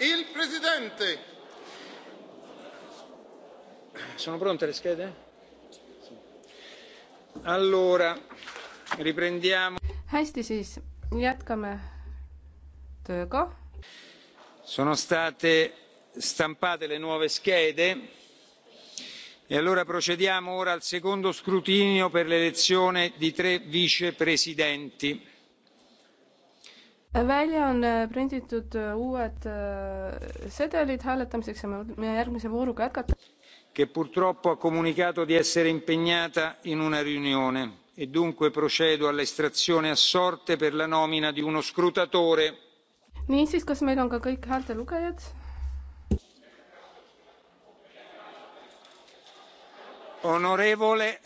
il presidente sono pronte le schede allora riprendiamo hästi siis jätkame tööga sono state stampate le nuove schede e allora procediamo ora al secondo scrutinio per l'elezione di tre vicepresidenti välja on äh, prinditud äh, uued äh, sedelid hääletamiseks ja me võime järgmise vooruga jätkata. che purtroppo ha comunicato di essere impegnata in una riunione e dunque procedo all'estrazione a sorte per la nomina di uno scrutatore. niisiis, kas meil on ka kõik häältelugejad? onorevole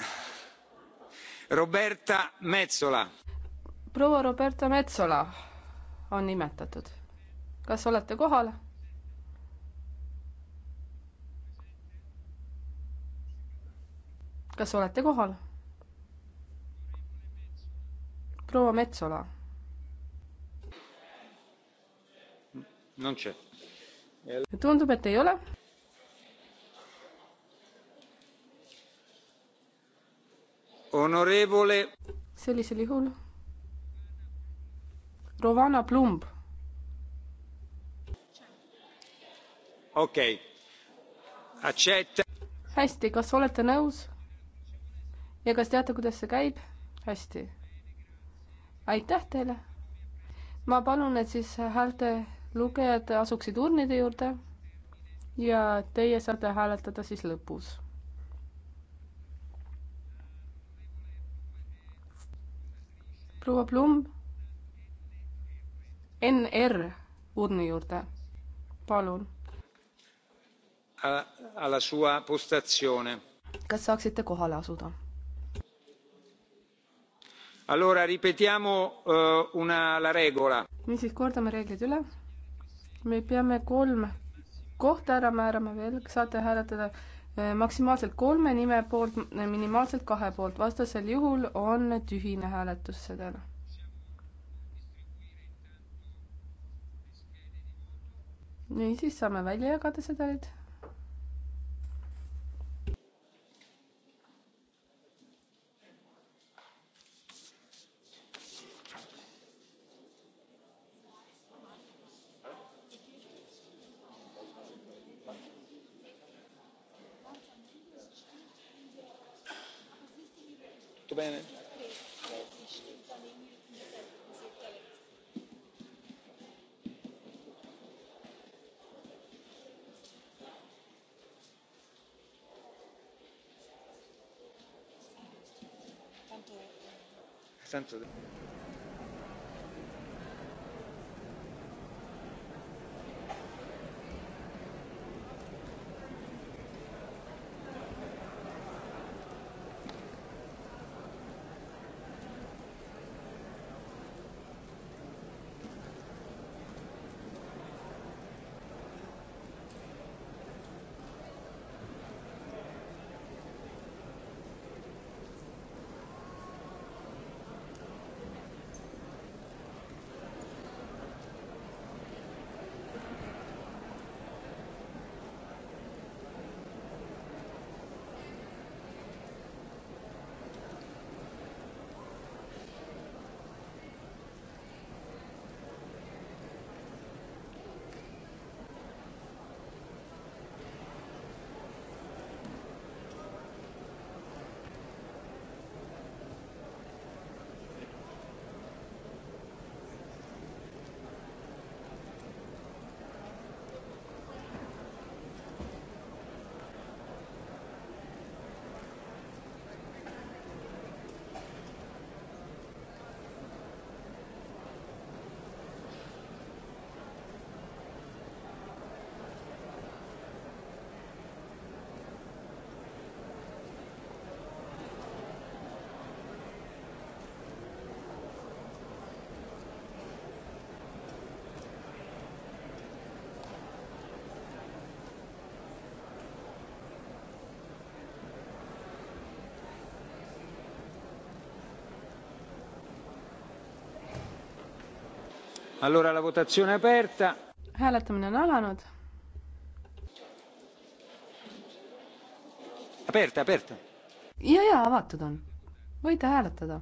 Roberta Metsola. proua Roberta Metsola on nimetatud. kas olete kohal? kas olete kohal? proua Metsola. tundub, et ei ole. sellisel juhul Rovana Plumb. okei okay.. hästi, kas olete nõus? ja kas teate, kuidas see käib? hästi. aitäh teile. ma palun, et siis häälte lugejad asuksid urnide juurde ja teie saate hääletada siis lõpus. proua Plumb NR urni juurde, palun. Alla sua postazione. kas saaksite kohale asuda? Allora ripetiamo uh, una, la regola. niisiis, kordame reeglid üle. me peame kolm kohta ära määrama veel, saate hääletada eh, maksimaalselt kolme nime poolt, eh, minimaalselt kahe poolt, vastasel juhul on tühine hääletussedel niisiis saame välja jagada sedelid sensitive. Allora la votazione aperta. hääletamine on alanud. Aperta, aperta. ja, ja avatud on. võite hääletada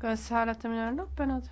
kas hääletamine on lõppenud?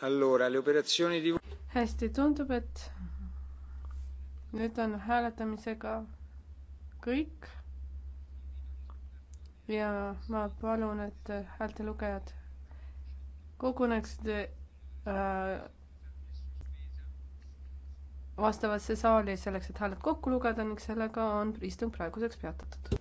hästi, tundub, et nüüd on hääletamisega kõik. ja ma palun, et häältelugejad koguneksid äh, vastavasse saali selleks, et hääled kokku lugeda ning sellega on istung praeguseks peatatud.